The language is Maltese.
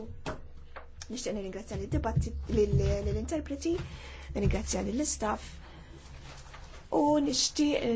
ħabtu. Nixtieq nirringrazzja lill-interpreti, nirringrazzja lill-istaff u nixtieq